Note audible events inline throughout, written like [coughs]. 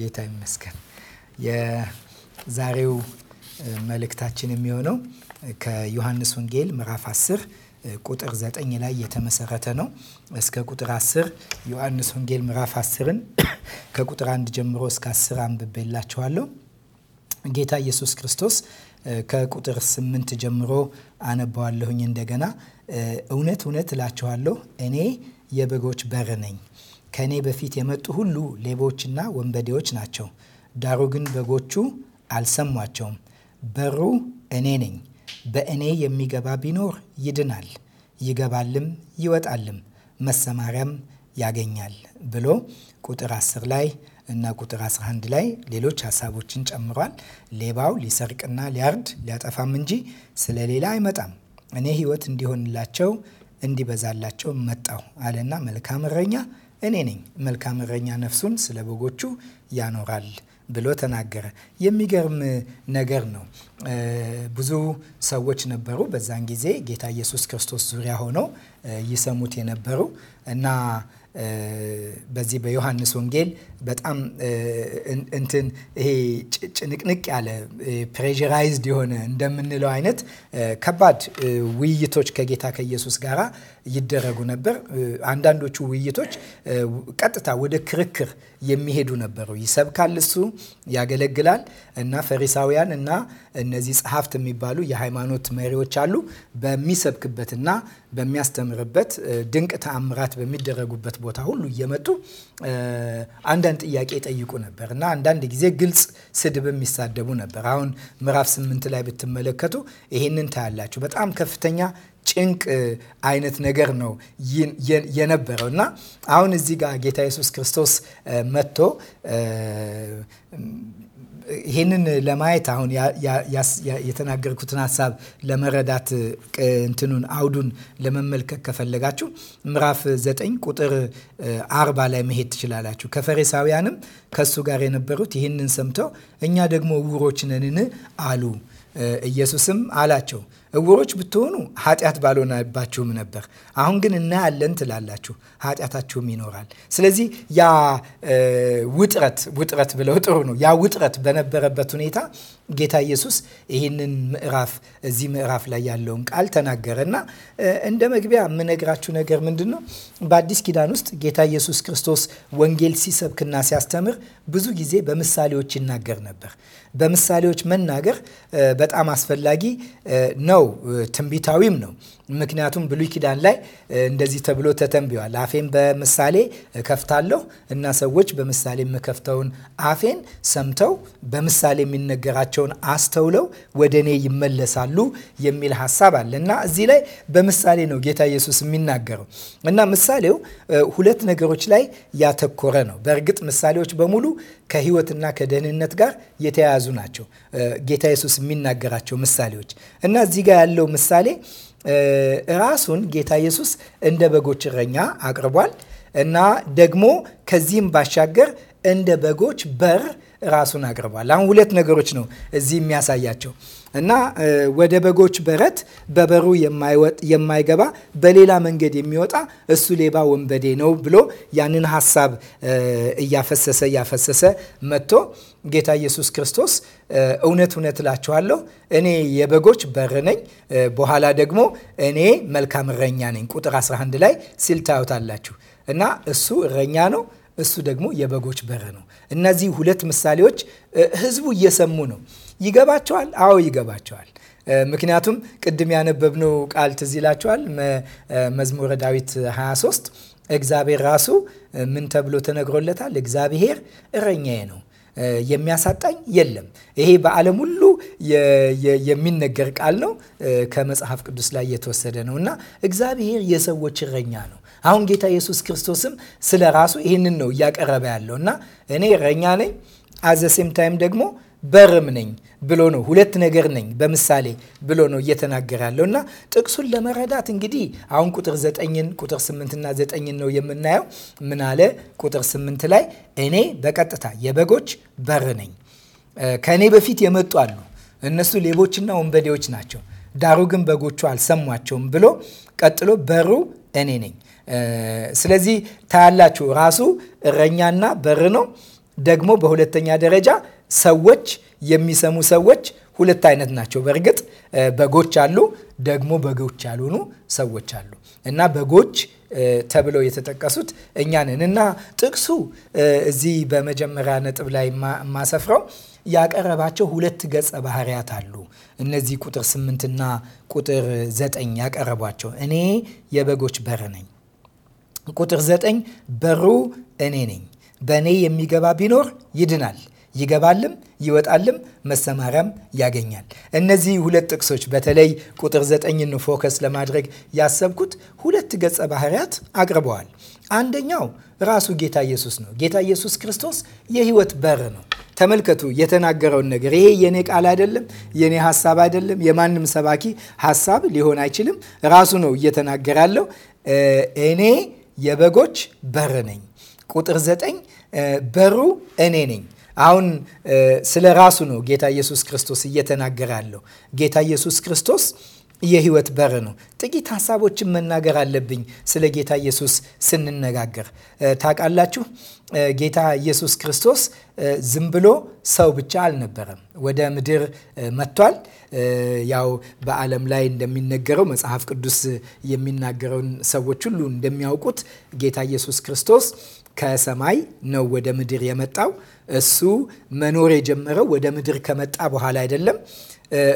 ጌታ ይመስገን። የዛሬው መልእክታችን የሚሆነው ከዮሐንስ ወንጌል ምዕራፍ 10 ቁጥር 9 ላይ የተመሰረተ ነው። እስከ ቁጥር 10 ዮሐንስ ወንጌል ምዕራፍ 10ን [coughs] ከቁጥር 1 ጀምሮ እስከ 10 አንብቤላችኋለሁ። ጌታ ኢየሱስ ክርስቶስ ከቁጥር 8 ጀምሮ አነባዋለሁኝ እንደገና። እውነት እውነት እላችኋለሁ እኔ የበጎች በር ነኝ ከእኔ በፊት የመጡ ሁሉ ሌቦችና ወንበዴዎች ናቸው፣ ዳሩ ግን በጎቹ አልሰሟቸውም። በሩ እኔ ነኝ። በእኔ የሚገባ ቢኖር ይድናል፣ ይገባልም ይወጣልም፣ መሰማሪያም ያገኛል ብሎ ቁጥር 10 ላይ እና ቁጥር 11 ላይ ሌሎች ሀሳቦችን ጨምሯል። ሌባው ሊሰርቅና ሊያርድ ሊያጠፋም እንጂ ስለ ሌላ አይመጣም። እኔ ሕይወት እንዲሆንላቸው እንዲበዛላቸው መጣሁ አለና መልካም እረኛ እኔ ነኝ መልካም እረኛ ነፍሱን ስለ በጎቹ ያኖራል ብሎ ተናገረ። የሚገርም ነገር ነው። ብዙ ሰዎች ነበሩ በዛን ጊዜ ጌታ ኢየሱስ ክርስቶስ ዙሪያ ሆነው ይሰሙት የነበሩ እና በዚህ በዮሐንስ ወንጌል በጣም እንትን ይሄ ጭንቅንቅ ያለ ፕሬራይዝድ የሆነ እንደምንለው አይነት ከባድ ውይይቶች ከጌታ ከኢየሱስ ጋራ ይደረጉ ነበር። አንዳንዶቹ ውይይቶች ቀጥታ ወደ ክርክር የሚሄዱ ነበሩ። ይሰብካል፣ እሱ ያገለግላል እና ፈሪሳውያን እና እነዚህ ጸሐፍት የሚባሉ የሃይማኖት መሪዎች አሉ በሚሰብክበትና በሚያስተምርበት ድንቅ ተአምራት በሚደረጉበት ቦታ ሁሉ እየመጡ አንዳንድ ጥያቄ ጠይቁ ነበር እና አንዳንድ ጊዜ ግልጽ ስድብ የሚሳደቡ ነበር። አሁን ምዕራፍ ስምንት ላይ ብትመለከቱ ይሄንን ታያላችሁ። በጣም ከፍተኛ ጭንቅ አይነት ነገር ነው የነበረው እና አሁን እዚህ ጋር ጌታ ኢየሱስ ክርስቶስ መጥቶ ይህንን ለማየት አሁን የተናገርኩትን ሀሳብ ለመረዳት እንትኑን አውዱን ለመመልከት ከፈለጋችሁ ምዕራፍ ዘጠኝ ቁጥር አርባ ላይ መሄድ ትችላላችሁ። ከፈሪሳውያንም ከእሱ ጋር የነበሩት ይህንን ሰምተው እኛ ደግሞ ዕውሮች ነንን አሉ። ኢየሱስም አላቸው እውሮች ብትሆኑ ኃጢአት ባልሆነባችሁም ነበር። አሁን ግን እናያለን ትላላችሁ፣ ኃጢአታችሁም ይኖራል። ስለዚህ ያ ውጥረት ውጥረት ብለው ጥሩ ነው። ያ ውጥረት በነበረበት ሁኔታ ጌታ ኢየሱስ ይህንን ምዕራፍ እዚህ ምዕራፍ ላይ ያለውን ቃል ተናገረ እና እንደ መግቢያ የምነግራችሁ ነገር ምንድን ነው? በአዲስ ኪዳን ውስጥ ጌታ ኢየሱስ ክርስቶስ ወንጌል ሲሰብክና ሲያስተምር ብዙ ጊዜ በምሳሌዎች ይናገር ነበር። በምሳሌዎች መናገር በጣም አስፈላጊ ነው ነው፣ ትንቢታዊም ነው። ምክንያቱም ብሉይ ኪዳን ላይ እንደዚህ ተብሎ ተተንብዋል። አፌን በምሳሌ እከፍታለሁ እና ሰዎች በምሳሌ የምከፍተውን አፌን ሰምተው በምሳሌ የሚነገራቸውን አስተውለው ወደ እኔ ይመለሳሉ የሚል ሀሳብ አለ እና እዚህ ላይ በምሳሌ ነው ጌታ ኢየሱስ የሚናገረው እና ምሳሌው ሁለት ነገሮች ላይ ያተኮረ ነው። በእርግጥ ምሳሌዎች በሙሉ ከህይወትና ከደህንነት ጋር የተያያዙ ናቸው። ጌታ ኢየሱስ የሚናገራቸው ምሳሌዎች እና እዚህ ጋር ያለው ምሳሌ ራሱን ጌታ ኢየሱስ እንደ በጎች እረኛ አቅርቧል እና ደግሞ ከዚህም ባሻገር እንደ በጎች በር ራሱን አቅርቧል። አሁን ሁለት ነገሮች ነው እዚህ የሚያሳያቸው እና ወደ በጎች በረት በበሩ የማይገባ በሌላ መንገድ የሚወጣ እሱ ሌባ ወንበዴ ነው ብሎ ያንን ሀሳብ እያፈሰሰ እያፈሰሰ መጥቶ ጌታ ኢየሱስ ክርስቶስ እውነት እውነት እላችኋለሁ እኔ የበጎች በር ነኝ፣ በኋላ ደግሞ እኔ መልካም እረኛ ነኝ። ቁጥር 11 ላይ ሲል ታዩታላችሁ። እና እሱ እረኛ ነው እሱ ደግሞ የበጎች በር ነው። እነዚህ ሁለት ምሳሌዎች ህዝቡ እየሰሙ ነው። ይገባቸዋል? አዎ ይገባቸዋል። ምክንያቱም ቅድም ያነበብነው ቃል ትዝ ይላቸዋል። መዝሙረ ዳዊት 23 እግዚአብሔር ራሱ ምን ተብሎ ተነግሮለታል? እግዚአብሔር እረኛዬ ነው የሚያሳጣኝ የለም። ይሄ በዓለም ሁሉ የሚነገር ቃል ነው። ከመጽሐፍ ቅዱስ ላይ የተወሰደ ነው እና እግዚአብሔር የሰዎች እረኛ ነው። አሁን ጌታ ኢየሱስ ክርስቶስም ስለ ራሱ ይህንን ነው እያቀረበ ያለው እና እኔ እረኛ ነኝ አዘ ሴም ታይም ደግሞ በርም ነኝ ብሎ ነው። ሁለት ነገር ነኝ በምሳሌ ብሎ ነው እየተናገረ ያለው እና ጥቅሱን ለመረዳት እንግዲህ አሁን ቁጥር ዘጠኝን ቁጥር ስምንትና ዘጠኝን ነው የምናየው። ምን አለ ቁጥር ስምንት ላይ እኔ በቀጥታ የበጎች በር ነኝ። ከእኔ በፊት የመጡ አሉ፣ እነሱ ሌቦችና ወንበዴዎች ናቸው፣ ዳሩ ግን በጎቹ አልሰሟቸውም ብሎ ቀጥሎ በሩ እኔ ነኝ። ስለዚህ ታያላችሁ ራሱ እረኛና በር ነው። ደግሞ በሁለተኛ ደረጃ ሰዎች የሚሰሙ ሰዎች ሁለት አይነት ናቸው። በእርግጥ በጎች አሉ፣ ደግሞ በጎች ያልሆኑ ሰዎች አሉ እና በጎች ተብለው የተጠቀሱት እኛ ነን እና ጥቅሱ እዚህ በመጀመሪያ ነጥብ ላይ የማሰፍረው ያቀረባቸው ሁለት ገጸ ባህሪያት አሉ። እነዚህ ቁጥር ስምንትና ቁጥር ዘጠኝ ያቀረቧቸው እኔ የበጎች በር ነኝ። ቁጥር ዘጠኝ በሩ እኔ ነኝ፣ በእኔ የሚገባ ቢኖር ይድናል ይገባልም ይወጣልም መሰማሪያም ያገኛል። እነዚህ ሁለት ጥቅሶች በተለይ ቁጥር ዘጠኝን ፎከስ ለማድረግ ያሰብኩት ሁለት ገጸ ባህርያት አቅርበዋል። አንደኛው ራሱ ጌታ ኢየሱስ ነው። ጌታ ኢየሱስ ክርስቶስ የህይወት በር ነው። ተመልከቱ የተናገረውን ነገር። ይሄ የኔ ቃል አይደለም፣ የኔ ሀሳብ አይደለም፣ የማንም ሰባኪ ሀሳብ ሊሆን አይችልም። ራሱ ነው እየተናገረ ያለው። እኔ የበጎች በር ነኝ። ቁጥር ዘጠኝ በሩ እኔ ነኝ አሁን ስለ ራሱ ነው ጌታ ኢየሱስ ክርስቶስ እየተናገረ ያለው። ጌታ ኢየሱስ ክርስቶስ የህይወት በር ነው። ጥቂት ሀሳቦችን መናገር አለብኝ ስለ ጌታ ኢየሱስ ስንነጋገር። ታውቃላችሁ ጌታ ኢየሱስ ክርስቶስ ዝም ብሎ ሰው ብቻ አልነበረም። ወደ ምድር መጥቷል። ያው በዓለም ላይ እንደሚነገረው መጽሐፍ ቅዱስ የሚናገረውን ሰዎች ሁሉ እንደሚያውቁት ጌታ ኢየሱስ ክርስቶስ ከሰማይ ነው ወደ ምድር የመጣው እሱ መኖር የጀመረው ወደ ምድር ከመጣ በኋላ አይደለም።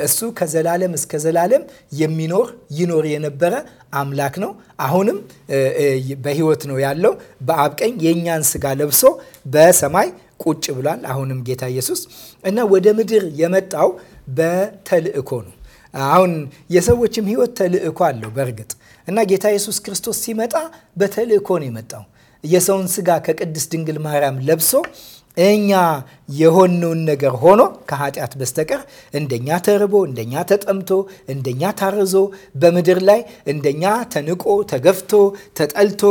እሱ ከዘላለም እስከ ዘላለም የሚኖር ይኖር የነበረ አምላክ ነው። አሁንም በሕይወት ነው ያለው። በአብ ቀኝ የእኛን ስጋ ለብሶ በሰማይ ቁጭ ብሏል። አሁንም ጌታ ኢየሱስ እና ወደ ምድር የመጣው በተልእኮ ነው። አሁን የሰዎችም ሕይወት ተልእኮ አለው በእርግጥ እና ጌታ ኢየሱስ ክርስቶስ ሲመጣ በተልእኮ ነው የመጣው የሰውን ስጋ ከቅድስት ድንግል ማርያም ለብሶ እኛ የሆነውን ነገር ሆኖ ከኃጢአት በስተቀር እንደኛ ተርቦ እንደኛ ተጠምቶ እንደኛ ታርዞ በምድር ላይ እንደኛ ተንቆ ተገፍቶ ተጠልቶ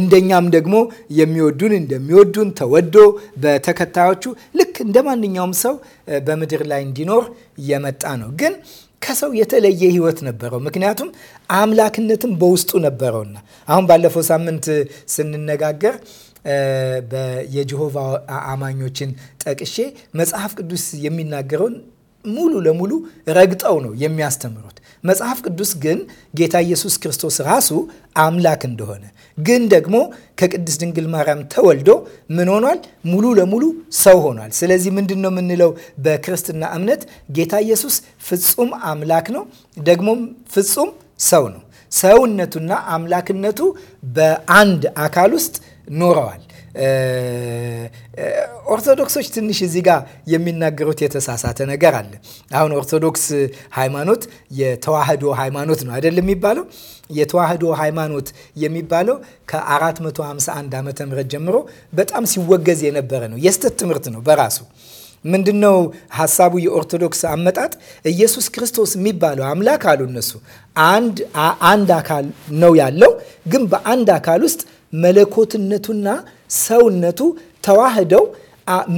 እንደኛም ደግሞ የሚወዱን እንደሚወዱን ተወዶ በተከታዮቹ ልክ እንደ ማንኛውም ሰው በምድር ላይ እንዲኖር የመጣ ነው ግን ከሰው የተለየ ህይወት ነበረው። ምክንያቱም አምላክነትም በውስጡ ነበረውና አሁን ባለፈው ሳምንት ስንነጋገር የጀሆቫ አማኞችን ጠቅሼ መጽሐፍ ቅዱስ የሚናገረውን ሙሉ ለሙሉ ረግጠው ነው የሚያስተምሩት። መጽሐፍ ቅዱስ ግን ጌታ ኢየሱስ ክርስቶስ ራሱ አምላክ እንደሆነ ግን ደግሞ ከቅድስት ድንግል ማርያም ተወልዶ ምን ሆኗል? ሙሉ ለሙሉ ሰው ሆኗል። ስለዚህ ምንድን ነው የምንለው? በክርስትና እምነት ጌታ ኢየሱስ ፍጹም አምላክ ነው፣ ደግሞም ፍጹም ሰው ነው። ሰውነቱና አምላክነቱ በአንድ አካል ውስጥ ኖረዋል። ኦርቶዶክሶች ትንሽ እዚህ ጋር የሚናገሩት የተሳሳተ ነገር አለ። አሁን ኦርቶዶክስ ሃይማኖት የተዋህዶ ሃይማኖት ነው አይደል የሚባለው? የተዋህዶ ሃይማኖት የሚባለው ከ451 ዓመተ ምህረት ጀምሮ በጣም ሲወገዝ የነበረ ነው። የስተት ትምህርት ነው በራሱ ምንድነው ሀሳቡ? የኦርቶዶክስ አመጣጥ ኢየሱስ ክርስቶስ የሚባለው አምላክ አሉ እነሱ አንድ አካል ነው ያለው፣ ግን በአንድ አካል ውስጥ መለኮትነቱና ሰውነቱ ተዋህደው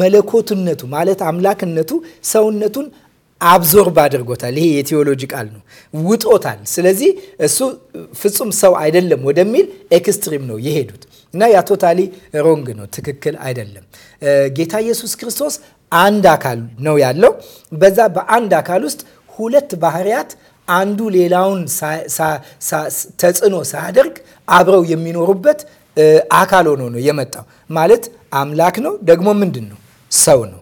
መለኮትነቱ ማለት አምላክነቱ ሰውነቱን አብዞርብ አድርጎታል። ይሄ የቴዎሎጂ ቃል ነው፣ ውጦታል። ስለዚህ እሱ ፍጹም ሰው አይደለም ወደሚል ኤክስትሪም ነው የሄዱት እና ያ ቶታሊ ሮንግ ነው፣ ትክክል አይደለም። ጌታ ኢየሱስ ክርስቶስ አንድ አካል ነው ያለው። በዛ በአንድ አካል ውስጥ ሁለት ባህሪያት አንዱ ሌላውን ተጽዕኖ ሳያደርግ አብረው የሚኖሩበት አካል ሆኖ ነው የመጣው። ማለት አምላክ ነው፣ ደግሞ ምንድን ነው? ሰው ነው።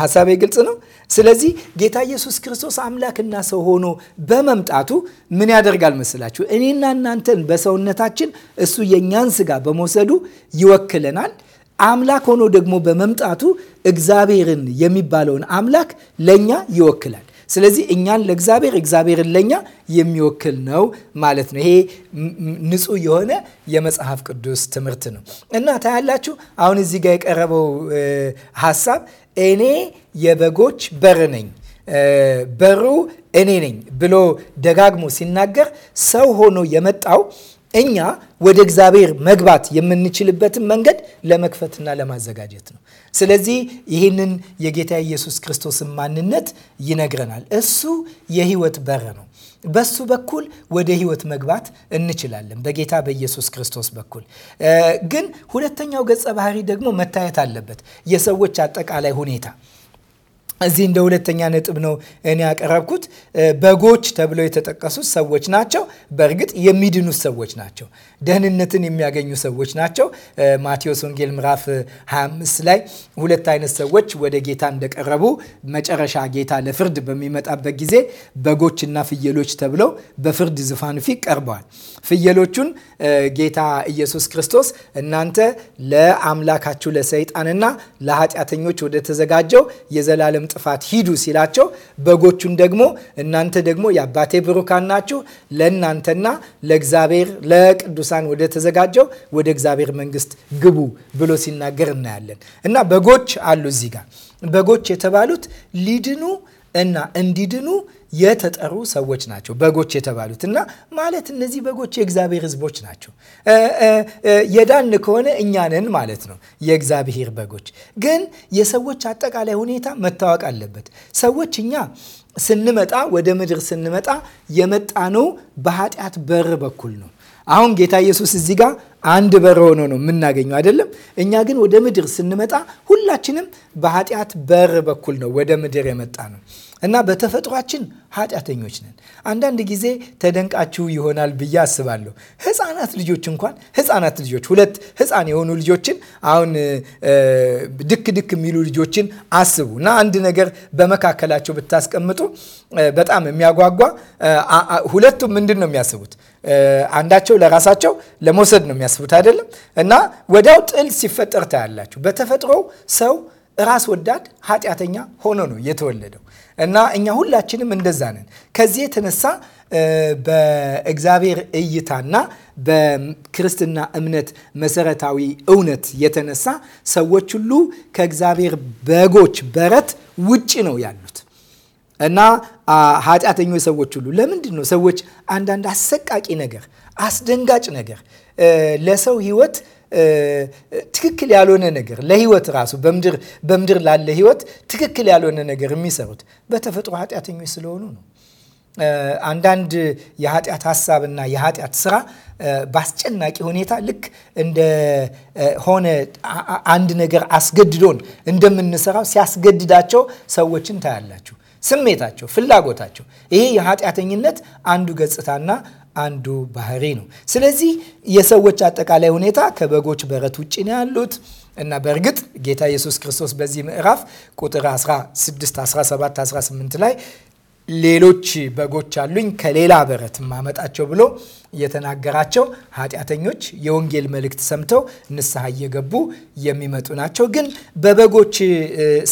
ሀሳቤ ግልጽ ነው። ስለዚህ ጌታ ኢየሱስ ክርስቶስ አምላክና ሰው ሆኖ በመምጣቱ ምን ያደርጋል መስላችሁ? እኔና እናንተን በሰውነታችን እሱ የእኛን ስጋ በመውሰዱ ይወክለናል። አምላክ ሆኖ ደግሞ በመምጣቱ እግዚአብሔርን የሚባለውን አምላክ ለእኛ ይወክላል። ስለዚህ እኛን ለእግዚአብሔር እግዚአብሔርን ለእኛ የሚወክል ነው ማለት ነው። ይሄ ንጹህ የሆነ የመጽሐፍ ቅዱስ ትምህርት ነው እና ታያላችሁ። አሁን እዚህ ጋር የቀረበው ሀሳብ እኔ የበጎች በር ነኝ በሩ እኔ ነኝ ብሎ ደጋግሞ ሲናገር ሰው ሆኖ የመጣው እኛ ወደ እግዚአብሔር መግባት የምንችልበትን መንገድ ለመክፈትና ለማዘጋጀት ነው። ስለዚህ ይህንን የጌታ ኢየሱስ ክርስቶስን ማንነት ይነግረናል። እሱ የህይወት በር ነው። በሱ በኩል ወደ ህይወት መግባት እንችላለን፣ በጌታ በኢየሱስ ክርስቶስ በኩል ግን ሁለተኛው ገጸ ባህሪ ደግሞ መታየት አለበት፣ የሰዎች አጠቃላይ ሁኔታ እዚህ እንደ ሁለተኛ ነጥብ ነው እኔ ያቀረብኩት። በጎች ተብለው የተጠቀሱት ሰዎች ናቸው። በእርግጥ የሚድኑት ሰዎች ናቸው። ደህንነትን የሚያገኙ ሰዎች ናቸው። ማቴዎስ ወንጌል ምዕራፍ 25 ላይ ሁለት አይነት ሰዎች ወደ ጌታ እንደቀረቡ መጨረሻ ጌታ ለፍርድ በሚመጣበት ጊዜ በጎችና ፍየሎች ተብለው በፍርድ ዙፋን ፊት ቀርበዋል። ፍየሎቹን ጌታ ኢየሱስ ክርስቶስ እናንተ ለአምላካችሁ ለሰይጣንና ለኃጢአተኞች ወደ ተዘጋጀው የዘላለም ጥፋት ሂዱ ሲላቸው፣ በጎቹን ደግሞ እናንተ ደግሞ የአባቴ ብሩካን ናችሁ ለእናንተና ለእግዚአብሔር ለቅዱሳ ቅዱሳን ወደ ተዘጋጀው ወደ እግዚአብሔር መንግስት ግቡ ብሎ ሲናገር እናያለን። እና በጎች አሉ እዚህ ጋር በጎች የተባሉት ሊድኑ እና እንዲድኑ የተጠሩ ሰዎች ናቸው። በጎች የተባሉት እና ማለት እነዚህ በጎች የእግዚአብሔር ሕዝቦች ናቸው። የዳን ከሆነ እኛንን ማለት ነው። የእግዚአብሔር በጎች ግን የሰዎች አጠቃላይ ሁኔታ መታወቅ አለበት። ሰዎች እኛ ስንመጣ ወደ ምድር ስንመጣ የመጣነው በኃጢአት በር በኩል ነው። አሁን ጌታ ኢየሱስ እዚህ ጋር አንድ በር ሆኖ ነው የምናገኘው አይደለም። እኛ ግን ወደ ምድር ስንመጣ ሁላችንም በኃጢአት በር በኩል ነው ወደ ምድር የመጣ ነው እና በተፈጥሯችን ኃጢአተኞች ነን። አንዳንድ ጊዜ ተደንቃችሁ ይሆናል ብዬ አስባለሁ። ህፃናት ልጆች እንኳን ህፃናት ልጆች ሁለት ህፃን የሆኑ ልጆችን አሁን ድክ ድክ የሚሉ ልጆችን አስቡ እና አንድ ነገር በመካከላቸው ብታስቀምጡ በጣም የሚያጓጓ ሁለቱም ምንድን ነው የሚያስቡት አንዳቸው ለራሳቸው ለመውሰድ ነው የሚያስቡት አይደለም። እና ወዲያው ጥል ሲፈጠር ታያላችሁ። በተፈጥሮ ሰው ራስ ወዳድ ኃጢአተኛ ሆኖ ነው የተወለደው እና እኛ ሁላችንም እንደዛ ነን። ከዚህ የተነሳ በእግዚአብሔር እይታና በክርስትና እምነት መሰረታዊ እውነት የተነሳ ሰዎች ሁሉ ከእግዚአብሔር በጎች በረት ውጭ ነው ያሉት። እና ኃጢአተኞች ሰዎች ሁሉ ለምንድን ነው ሰዎች አንዳንድ አሰቃቂ ነገር፣ አስደንጋጭ ነገር ለሰው ህይወት ትክክል ያልሆነ ነገር ለህይወት ራሱ በምድር ላለ ህይወት ትክክል ያልሆነ ነገር የሚሰሩት በተፈጥሮ ኃጢአተኞች ስለሆኑ ነው። አንዳንድ የኃጢአት ሀሳብና የኃጢአት ስራ በአስጨናቂ ሁኔታ ልክ እንደ ሆነ አንድ ነገር አስገድዶን እንደምንሰራው ሲያስገድዳቸው ሰዎችን ታያላችሁ። ስሜታቸው፣ ፍላጎታቸው። ይሄ የኃጢአተኝነት አንዱ ገጽታና አንዱ ባህሪ ነው። ስለዚህ የሰዎች አጠቃላይ ሁኔታ ከበጎች በረት ውጭ ነው ያሉት እና በእርግጥ ጌታ ኢየሱስ ክርስቶስ በዚህ ምዕራፍ ቁጥር 16፣ 17፣ 18 ላይ ሌሎች በጎች አሉኝ ከሌላ በረት ማመጣቸው ብሎ የተናገራቸው ኃጢአተኞች የወንጌል መልእክት ሰምተው ንስሐ እየገቡ የሚመጡ ናቸው። ግን በበጎች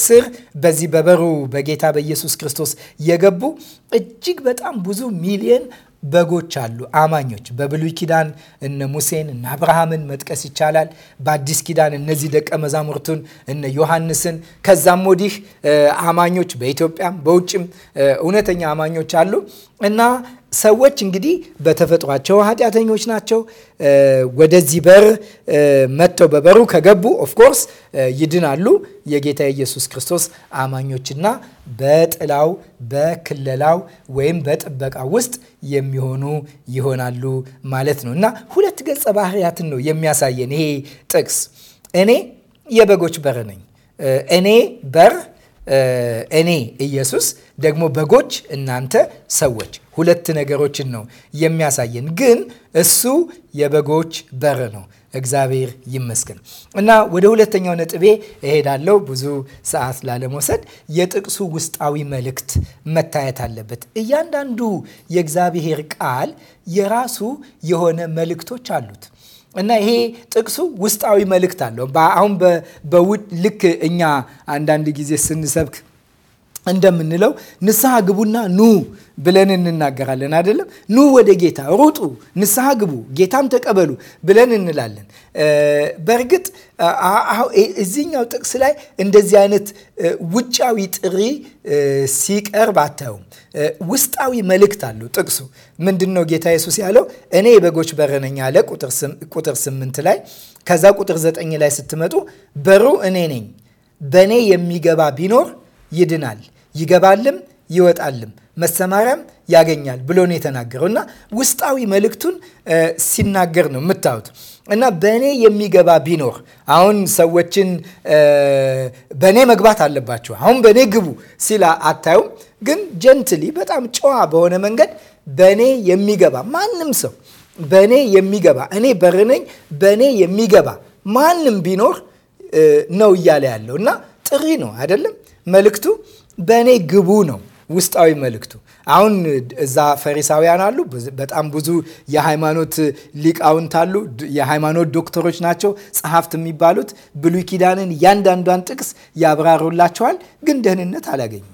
ስር በዚህ በበሩ በጌታ በኢየሱስ ክርስቶስ የገቡ እጅግ በጣም ብዙ ሚሊየን በጎች አሉ፣ አማኞች። በብሉይ ኪዳን እነ ሙሴን እነ አብርሃምን መጥቀስ ይቻላል። በአዲስ ኪዳን እነዚህ ደቀ መዛሙርቱን እነ ዮሐንስን፣ ከዛም ወዲህ አማኞች በኢትዮጵያም በውጭም እውነተኛ አማኞች አሉ እና ሰዎች እንግዲህ በተፈጥሯቸው ኃጢአተኞች ናቸው። ወደዚህ በር መጥተው በበሩ ከገቡ ኦፍኮርስ ይድናሉ። የጌታ የኢየሱስ ክርስቶስ አማኞችና በጥላው በክለላው ወይም በጥበቃ ውስጥ የሚሆኑ ይሆናሉ ማለት ነው እና ሁለት ገጸ ባህርያትን ነው የሚያሳየን ይሄ ጥቅስ። እኔ የበጎች በር ነኝ። እኔ በር እኔ ኢየሱስ ደግሞ በጎች እናንተ ሰዎች ሁለት ነገሮችን ነው የሚያሳየን። ግን እሱ የበጎች በር ነው። እግዚአብሔር ይመስገን እና ወደ ሁለተኛው ነጥቤ እሄዳለሁ። ብዙ ሰዓት ላለመውሰድ የጥቅሱ ውስጣዊ መልእክት መታየት አለበት። እያንዳንዱ የእግዚአብሔር ቃል የራሱ የሆነ መልእክቶች አሉት። እና ይሄ ጥቅሱ ውስጣዊ መልእክት አለው። አሁን በውድ ልክ እኛ አንዳንድ ጊዜ ስንሰብክ እንደምንለው ንስሐ ግቡና ኑ ብለን እንናገራለን። አይደለም ኑ ወደ ጌታ ሩጡ፣ ንስሐ ግቡ፣ ጌታም ተቀበሉ ብለን እንላለን። በእርግጥ እዚህኛው ጥቅስ ላይ እንደዚህ አይነት ውጫዊ ጥሪ ሲቀርብ አታዩም። ውስጣዊ መልእክት አለው ጥቅሱ። ምንድን ነው ጌታ ኢየሱስ ያለው? እኔ የበጎች በር ነኝ አለ ቁጥር ስምንት ላይ። ከዛ ቁጥር ዘጠኝ ላይ ስትመጡ በሩ እኔ ነኝ፣ በእኔ የሚገባ ቢኖር ይድናል፣ ይገባልም ይወጣልም መሰማሪያም ያገኛል ብሎ ነው የተናገረው እና ውስጣዊ መልእክቱን ሲናገር ነው የምታዩት። እና በእኔ የሚገባ ቢኖር አሁን ሰዎችን በእኔ መግባት አለባቸው፣ አሁን በእኔ ግቡ ሲል አታዩም። ግን ጀንትሊ በጣም ጨዋ በሆነ መንገድ በእኔ የሚገባ ማንም ሰው በእኔ የሚገባ እኔ በር ነኝ፣ በእኔ የሚገባ ማንም ቢኖር ነው እያለ ያለው እና ጥሪ ነው አይደለም መልእክቱ በእኔ ግቡ ነው ውስጣዊ መልእክቱ። አሁን እዛ ፈሪሳውያን አሉ፣ በጣም ብዙ የሃይማኖት ሊቃውንት አሉ፣ የሃይማኖት ዶክተሮች ናቸው ጸሐፍት የሚባሉት ብሉይ ኪዳንን እያንዳንዷን ጥቅስ ያብራሩላቸዋል፣ ግን ደህንነት አላገኙም።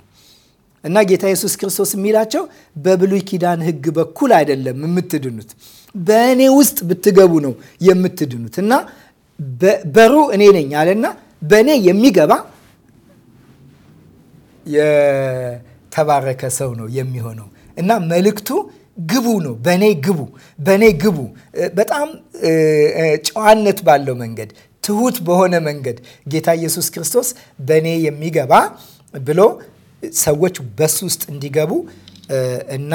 እና ጌታ ኢየሱስ ክርስቶስ የሚላቸው በብሉይ ኪዳን ሕግ በኩል አይደለም የምትድኑት፣ በእኔ ውስጥ ብትገቡ ነው የምትድኑት። እና በሩ እኔ ነኝ አለና በእኔ የሚገባ የተባረከ ሰው ነው የሚሆነው እና መልእክቱ ግቡ ነው። በእኔ ግቡ፣ በእኔ ግቡ። በጣም ጨዋነት ባለው መንገድ፣ ትሁት በሆነ መንገድ ጌታ ኢየሱስ ክርስቶስ በእኔ የሚገባ ብሎ ሰዎች በሱ ውስጥ እንዲገቡ እና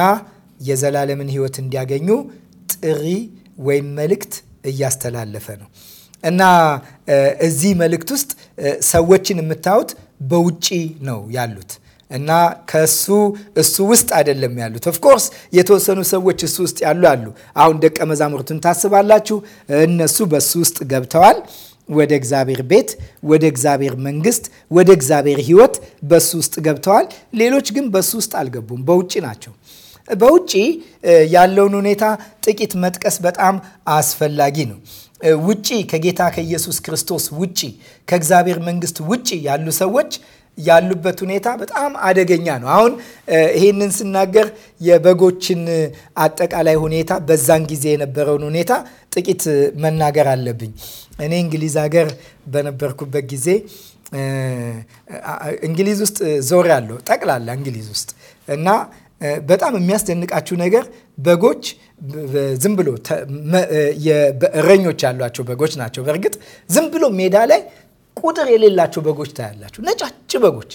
የዘላለምን ሕይወት እንዲያገኙ ጥሪ ወይም መልእክት እያስተላለፈ ነው እና እዚህ መልእክት ውስጥ ሰዎችን የምታዩት በውጪ ነው ያሉት እና ከሱ እሱ ውስጥ አይደለም ያሉት። ኦፍኮርስ የተወሰኑ ሰዎች እሱ ውስጥ ያሉ አሉ። አሁን ደቀ መዛሙርቱን ታስባላችሁ። እነሱ በሱ ውስጥ ገብተዋል። ወደ እግዚአብሔር ቤት፣ ወደ እግዚአብሔር መንግስት፣ ወደ እግዚአብሔር ህይወት በሱ ውስጥ ገብተዋል። ሌሎች ግን በሱ ውስጥ አልገቡም፣ በውጭ ናቸው። በውጭ ያለውን ሁኔታ ጥቂት መጥቀስ በጣም አስፈላጊ ነው። ውጪ ከጌታ ከኢየሱስ ክርስቶስ ውጪ ከእግዚአብሔር መንግስት ውጪ ያሉ ሰዎች ያሉበት ሁኔታ በጣም አደገኛ ነው። አሁን ይህንን ስናገር የበጎችን አጠቃላይ ሁኔታ በዛን ጊዜ የነበረውን ሁኔታ ጥቂት መናገር አለብኝ። እኔ እንግሊዝ ሀገር በነበርኩበት ጊዜ እንግሊዝ ውስጥ ዞር ያለው ጠቅላላ እንግሊዝ ውስጥ እና በጣም የሚያስደንቃችሁ ነገር በጎች ዝም ብሎ እረኞች ያሏቸው በጎች ናቸው። በእርግጥ ዝም ብሎ ሜዳ ላይ ቁጥር የሌላቸው በጎች ታያላችሁ፣ ነጫጭ በጎች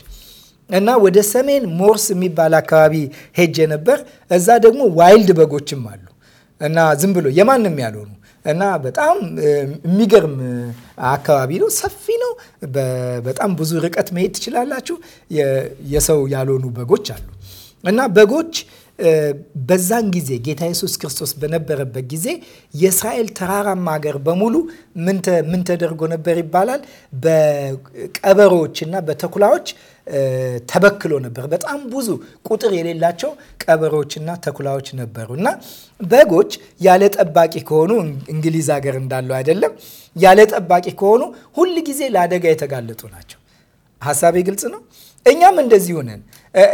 እና ወደ ሰሜን ሞርስ የሚባል አካባቢ ሄጄ ነበር። እዛ ደግሞ ዋይልድ በጎችም አሉ እና ዝም ብሎ የማንም ያልሆኑ እና በጣም የሚገርም አካባቢ ነው። ሰፊ ነው። በጣም ብዙ ርቀት መሄድ ትችላላችሁ። የሰው ያልሆኑ በጎች አሉ እና በጎች በዛን ጊዜ ጌታ ኢየሱስ ክርስቶስ በነበረበት ጊዜ የእስራኤል ተራራማ ሀገር በሙሉ ምን ተደርጎ ነበር ይባላል? በቀበሮዎችና በተኩላዎች ተበክሎ ነበር። በጣም ብዙ ቁጥር የሌላቸው ቀበሮዎችና ተኩላዎች ነበሩ እና በጎች ያለ ጠባቂ ከሆኑ እንግሊዝ ሀገር እንዳለው አይደለም። ያለ ጠባቂ ከሆኑ ሁል ጊዜ ለአደጋ የተጋለጡ ናቸው። ሀሳቤ ግልጽ ነው። እኛም እንደዚህ ሆነን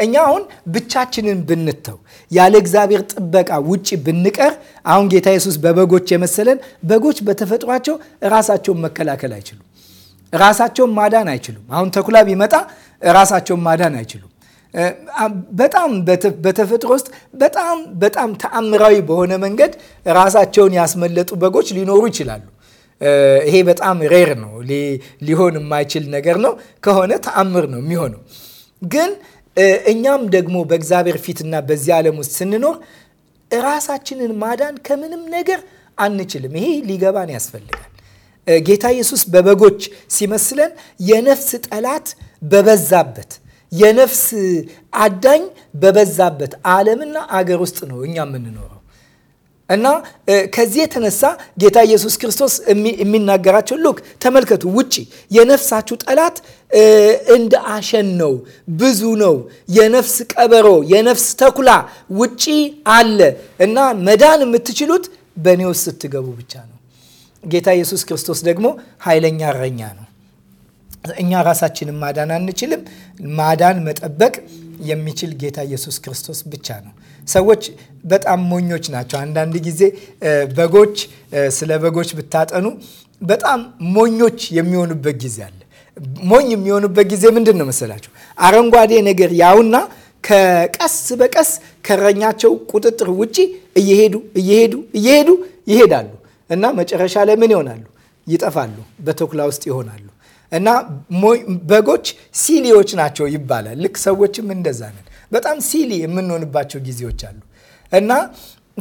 እኛ አሁን ብቻችንን ብንተው ያለ እግዚአብሔር ጥበቃ ውጭ ብንቀር አሁን ጌታ ኢየሱስ በበጎች የመሰለን በጎች በተፈጥሯቸው ራሳቸውን መከላከል አይችሉም። ራሳቸውን ማዳን አይችሉም። አሁን ተኩላ ቢመጣ ራሳቸውን ማዳን አይችሉም። በጣም በተፈጥሮ ውስጥ በጣም በጣም ተአምራዊ በሆነ መንገድ ራሳቸውን ያስመለጡ በጎች ሊኖሩ ይችላሉ። ይሄ በጣም ሬር ነው፣ ሊሆን የማይችል ነገር ነው። ከሆነ ተአምር ነው የሚሆነው። ግን እኛም ደግሞ በእግዚአብሔር ፊትና በዚህ ዓለም ውስጥ ስንኖር ራሳችንን ማዳን ከምንም ነገር አንችልም። ይሄ ሊገባን ያስፈልጋል። ጌታ ኢየሱስ በበጎች ሲመስለን የነፍስ ጠላት በበዛበት የነፍስ አዳኝ በበዛበት ዓለምና አገር ውስጥ ነው እኛ የምንኖረው። እና ከዚህ የተነሳ ጌታ ኢየሱስ ክርስቶስ የሚናገራቸው ሉክ ተመልከቱ፣ ውጪ የነፍሳችሁ ጠላት እንደ አሸን ነው፣ ብዙ ነው። የነፍስ ቀበሮ፣ የነፍስ ተኩላ ውጪ አለ እና መዳን የምትችሉት በእኔ ውስጥ ስትገቡ ብቻ ነው። ጌታ ኢየሱስ ክርስቶስ ደግሞ ኃይለኛ እረኛ ነው። እኛ ራሳችንን ማዳን አንችልም። ማዳን መጠበቅ የሚችል ጌታ ኢየሱስ ክርስቶስ ብቻ ነው። ሰዎች በጣም ሞኞች ናቸው። አንዳንድ ጊዜ በጎች ስለ በጎች ብታጠኑ በጣም ሞኞች የሚሆኑበት ጊዜ አለ። ሞኝ የሚሆኑበት ጊዜ ምንድን ነው መሰላችሁ? አረንጓዴ ነገር ያውና ከቀስ በቀስ ከረኛቸው ቁጥጥር ውጪ እየሄዱ እየሄዱ እየሄዱ ይሄዳሉ እና መጨረሻ ላይ ምን ይሆናሉ? ይጠፋሉ። በተኩላ ውስጥ ይሆናሉ። እና በጎች ሲሊዎች ናቸው ይባላል። ልክ ሰዎችም እንደዛ ነን። በጣም ሲሊ የምንሆንባቸው ጊዜዎች አሉ እና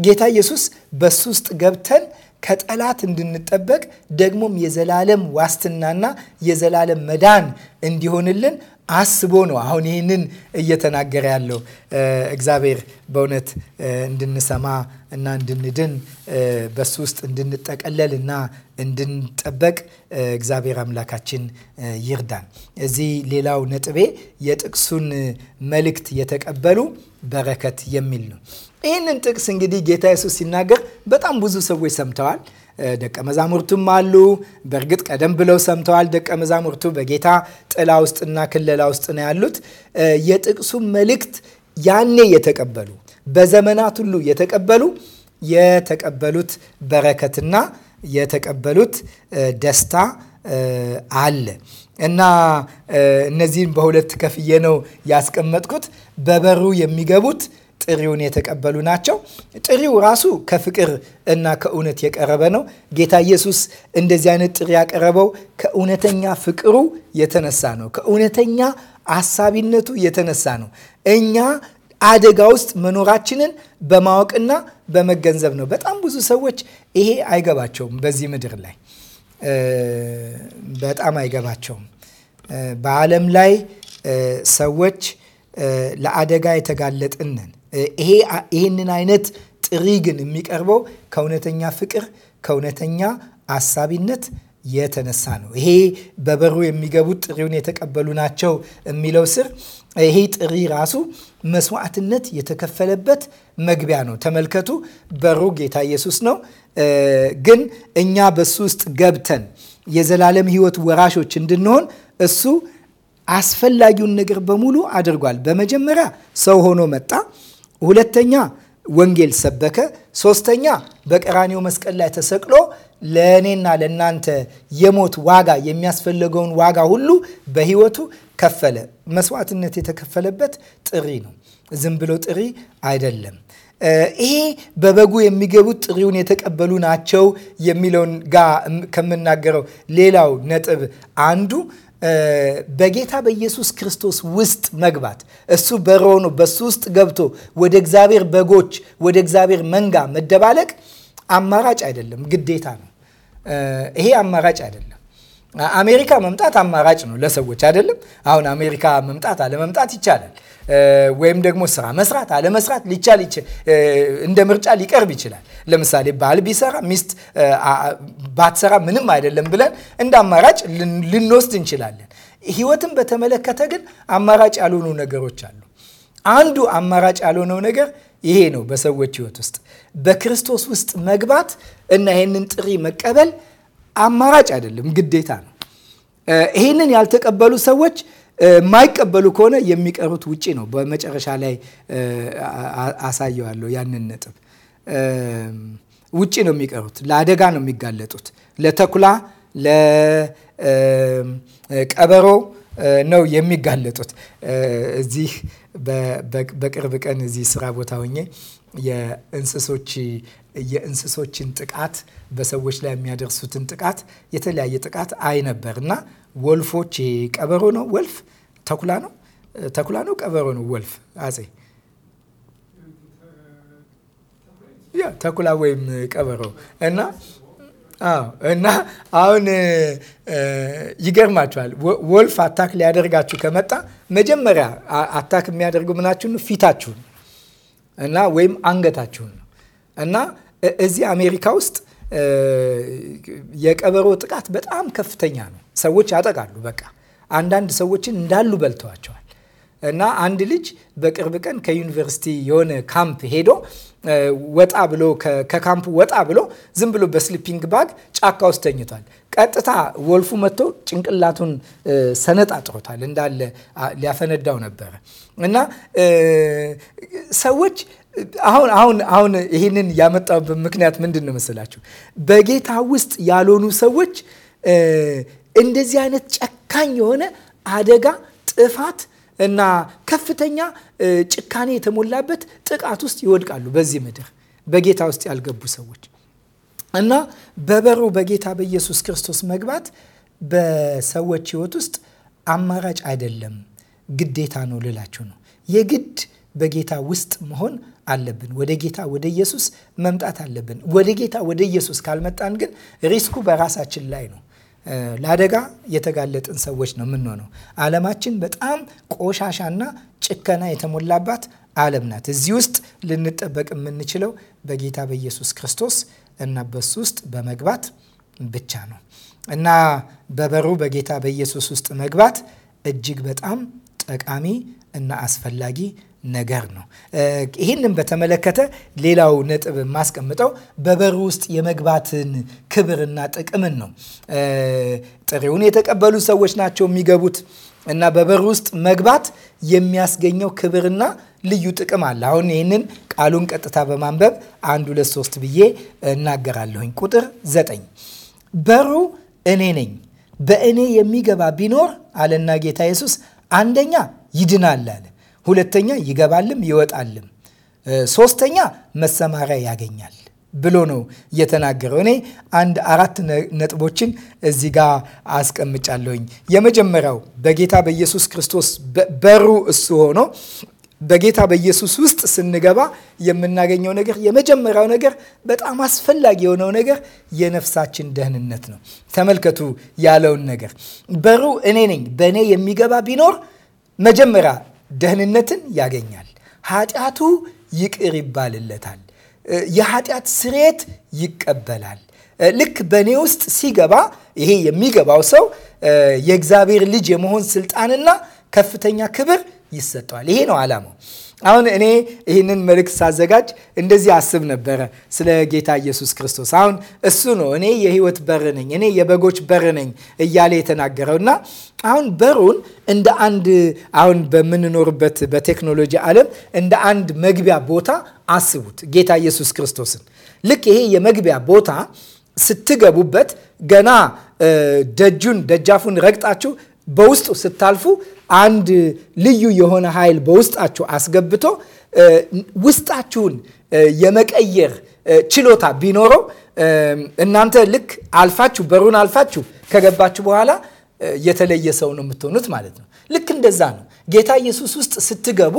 ጌታ ኢየሱስ በሱ ውስጥ ገብተን ከጠላት እንድንጠበቅ ደግሞም የዘላለም ዋስትናና የዘላለም መዳን እንዲሆንልን አስቦ ነው አሁን ይህንን እየተናገረ ያለው። እግዚአብሔር በእውነት እንድንሰማ እና እንድንድን በሱ ውስጥ እንድንጠቀለል እና እንድንጠበቅ እግዚአብሔር አምላካችን ይርዳን። እዚህ ሌላው ነጥቤ የጥቅሱን መልእክት የተቀበሉ በረከት የሚል ነው። ይህንን ጥቅስ እንግዲህ ጌታ የሱስ ሲናገር በጣም ብዙ ሰዎች ሰምተዋል። ደቀ መዛሙርቱም አሉ። በእርግጥ ቀደም ብለው ሰምተዋል። ደቀ መዛሙርቱ በጌታ ጥላ ውስጥና ክለላ ውስጥ ነው ያሉት። የጥቅሱ መልእክት ያኔ የተቀበሉ በዘመናት ሁሉ የተቀበሉ የተቀበሉት በረከትና የተቀበሉት ደስታ አለ እና እነዚህን በሁለት ከፍዬ ነው ያስቀመጥኩት። በበሩ የሚገቡት ጥሪውን የተቀበሉ ናቸው። ጥሪው ራሱ ከፍቅር እና ከእውነት የቀረበ ነው። ጌታ ኢየሱስ እንደዚህ አይነት ጥሪ ያቀረበው ከእውነተኛ ፍቅሩ የተነሳ ነው። ከእውነተኛ አሳቢነቱ የተነሳ ነው። እኛ አደጋ ውስጥ መኖራችንን በማወቅና በመገንዘብ ነው። በጣም ብዙ ሰዎች ይሄ አይገባቸውም። በዚህ ምድር ላይ በጣም አይገባቸውም። በዓለም ላይ ሰዎች ለአደጋ የተጋለጥንን ይህንን ይሄንን አይነት ጥሪ ግን የሚቀርበው ከእውነተኛ ፍቅር፣ ከእውነተኛ አሳቢነት የተነሳ ነው። ይሄ በበሩ የሚገቡት ጥሪውን የተቀበሉ ናቸው የሚለው ስር ይሄ ጥሪ ራሱ መስዋዕትነት የተከፈለበት መግቢያ ነው። ተመልከቱ፣ በሩ ጌታ ኢየሱስ ነው። ግን እኛ በሱ ውስጥ ገብተን የዘላለም ሕይወት ወራሾች እንድንሆን እሱ አስፈላጊውን ነገር በሙሉ አድርጓል። በመጀመሪያ ሰው ሆኖ መጣ። ሁለተኛ ወንጌል ሰበከ። ሶስተኛ በቀራኔው መስቀል ላይ ተሰቅሎ ለእኔና ለእናንተ የሞት ዋጋ የሚያስፈልገውን ዋጋ ሁሉ በህይወቱ ። ከፈለ። መስዋዕትነት የተከፈለበት ጥሪ ነው። ዝም ብሎ ጥሪ አይደለም። ይሄ በበጉ የሚገቡት ጥሪውን የተቀበሉ ናቸው የሚለውን ጋ ከምናገረው ሌላው ነጥብ አንዱ በጌታ በኢየሱስ ክርስቶስ ውስጥ መግባት እሱ በሮ በሱ ውስጥ ገብቶ ወደ እግዚአብሔር በጎች ወደ እግዚአብሔር መንጋ መደባለቅ አማራጭ አይደለም፣ ግዴታ ነው። ይሄ አማራጭ አይደለም። አሜሪካ መምጣት አማራጭ ነው ለሰዎች አይደለም። አሁን አሜሪካ መምጣት አለመምጣት ይቻላል፣ ወይም ደግሞ ስራ መስራት አለመስራት ሊቻል እንደ ምርጫ ሊቀርብ ይችላል። ለምሳሌ ባል ቢሰራ ሚስት ባትሰራ ምንም አይደለም ብለን እንደ አማራጭ ልንወስድ እንችላለን። ህይወትን በተመለከተ ግን አማራጭ ያልሆኑ ነገሮች አሉ። አንዱ አማራጭ ያልሆነው ነገር ይሄ ነው። በሰዎች ህይወት ውስጥ በክርስቶስ ውስጥ መግባት እና ይህንን ጥሪ መቀበል አማራጭ አይደለም፣ ግዴታ ነው። ይህንን ያልተቀበሉ ሰዎች የማይቀበሉ ከሆነ የሚቀሩት ውጪ ነው። በመጨረሻ ላይ አሳየዋለሁ ያንን ነጥብ። ውጪ ነው የሚቀሩት፣ ለአደጋ ነው የሚጋለጡት፣ ለተኩላ፣ ለቀበሮ ነው የሚጋለጡት። እዚህ በቅርብ ቀን እዚህ ስራ ቦታ ሆኜ የእንስሶች የእንስሶችን ጥቃት በሰዎች ላይ የሚያደርሱትን ጥቃት የተለያየ ጥቃት አይ ነበር እና ወልፎች ቀበሮ ነው ወልፍ ተኩላ ነው ተኩላ ነው ቀበሮ ነው ወልፍ አጼ ያ ተኩላ ወይም ቀበሮ እና እና አሁን ይገርማችኋል። ወልፍ አታክ ሊያደርጋችሁ ከመጣ መጀመሪያ አታክ የሚያደርገው ምናችሁ ፊታችሁን እና ወይም አንገታችሁን ነው እና እዚህ አሜሪካ ውስጥ የቀበሮ ጥቃት በጣም ከፍተኛ ነው። ሰዎች ያጠቃሉ። በቃ አንዳንድ ሰዎችን እንዳሉ በልተዋቸዋል። እና አንድ ልጅ በቅርብ ቀን ከዩኒቨርሲቲ የሆነ ካምፕ ሄዶ ወጣ ብሎ ከካምፕ ወጣ ብሎ ዝም ብሎ በስሊፒንግ ባግ ጫካ ውስጥ ተኝቷል። ቀጥታ ወልፉ መጥቶ ጭንቅላቱን ሰነጣጥሮታል። እንዳለ ሊያፈነዳው ነበረ እና ሰዎች አሁን አሁን አሁን ይህንን ያመጣበት ምክንያት ምንድን ነው መሰላችሁ? በጌታ ውስጥ ያልሆኑ ሰዎች እንደዚህ አይነት ጨካኝ የሆነ አደጋ ጥፋት እና ከፍተኛ ጭካኔ የተሞላበት ጥቃት ውስጥ ይወድቃሉ በዚህ ምድር በጌታ ውስጥ ያልገቡ ሰዎች እና በበሩ በጌታ በኢየሱስ ክርስቶስ መግባት በሰዎች ሕይወት ውስጥ አማራጭ አይደለም፣ ግዴታ ነው ልላችሁ ነው። የግድ በጌታ ውስጥ መሆን አለብን። ወደ ጌታ ወደ ኢየሱስ መምጣት አለብን። ወደ ጌታ ወደ ኢየሱስ ካልመጣን ግን ሪስኩ በራሳችን ላይ ነው። ለአደጋ የተጋለጥን ሰዎች ነው የምንሆነው። ዓለማችን በጣም ቆሻሻና ጭከና የተሞላባት ዓለም ናት። እዚህ ውስጥ ልንጠበቅ የምንችለው በጌታ በኢየሱስ ክርስቶስ እና በሱ ውስጥ በመግባት ብቻ ነው እና በበሩ በጌታ በኢየሱስ ውስጥ መግባት እጅግ በጣም ጠቃሚ እና አስፈላጊ ነገር ነው። ይህንም በተመለከተ ሌላው ነጥብ የማስቀምጠው በበሩ ውስጥ የመግባትን ክብርና ጥቅምን ነው። ጥሪውን የተቀበሉ ሰዎች ናቸው የሚገቡት እና በበሩ ውስጥ መግባት የሚያስገኘው ክብርና ልዩ ጥቅም አለ። አሁን ይህንን ቃሉን ቀጥታ በማንበብ አንድ ሁለት ሶስት ብዬ እናገራለሁኝ። ቁጥር ዘጠኝ በሩ እኔ ነኝ፣ በእኔ የሚገባ ቢኖር አለና ጌታ ኢየሱስ አንደኛ ይድናል አለ ሁለተኛ ይገባልም ይወጣልም፣ ሶስተኛ መሰማሪያ ያገኛል ብሎ ነው የተናገረው። እኔ አንድ አራት ነጥቦችን እዚህ ጋ አስቀምጫለሁኝ። የመጀመሪያው በጌታ በኢየሱስ ክርስቶስ በሩ እሱ ሆኖ በጌታ በኢየሱስ ውስጥ ስንገባ የምናገኘው ነገር የመጀመሪያው ነገር በጣም አስፈላጊ የሆነው ነገር የነፍሳችን ደህንነት ነው። ተመልከቱ ያለውን ነገር በሩ እኔ ነኝ፣ በእኔ የሚገባ ቢኖር መጀመሪያ ደህንነትን ያገኛል። ኃጢአቱ ይቅር ይባልለታል። የኃጢአት ስሬት ይቀበላል። ልክ በእኔ ውስጥ ሲገባ ይሄ የሚገባው ሰው የእግዚአብሔር ልጅ የመሆን ስልጣንና ከፍተኛ ክብር ይሰጠዋል። ይሄ ነው ዓላማው። አሁን እኔ ይህንን መልእክት ሳዘጋጅ እንደዚህ አስብ ነበረ ስለ ጌታ ኢየሱስ ክርስቶስ። አሁን እሱ ነው እኔ የህይወት በር ነኝ፣ እኔ የበጎች በር ነኝ እያለ የተናገረው እና አሁን በሩን እንደ አንድ አሁን በምንኖርበት በቴክኖሎጂ ዓለም እንደ አንድ መግቢያ ቦታ አስቡት ጌታ ኢየሱስ ክርስቶስን። ልክ ይሄ የመግቢያ ቦታ ስትገቡበት ገና ደጁን ደጃፉን ረግጣችሁ በውስጡ ስታልፉ አንድ ልዩ የሆነ ኃይል በውስጣችሁ አስገብቶ ውስጣችሁን የመቀየር ችሎታ ቢኖረው እናንተ ልክ አልፋችሁ በሩን አልፋችሁ ከገባችሁ በኋላ የተለየ ሰው ነው የምትሆኑት ማለት ነው። ልክ እንደዛ ነው። ጌታ ኢየሱስ ውስጥ ስትገቡ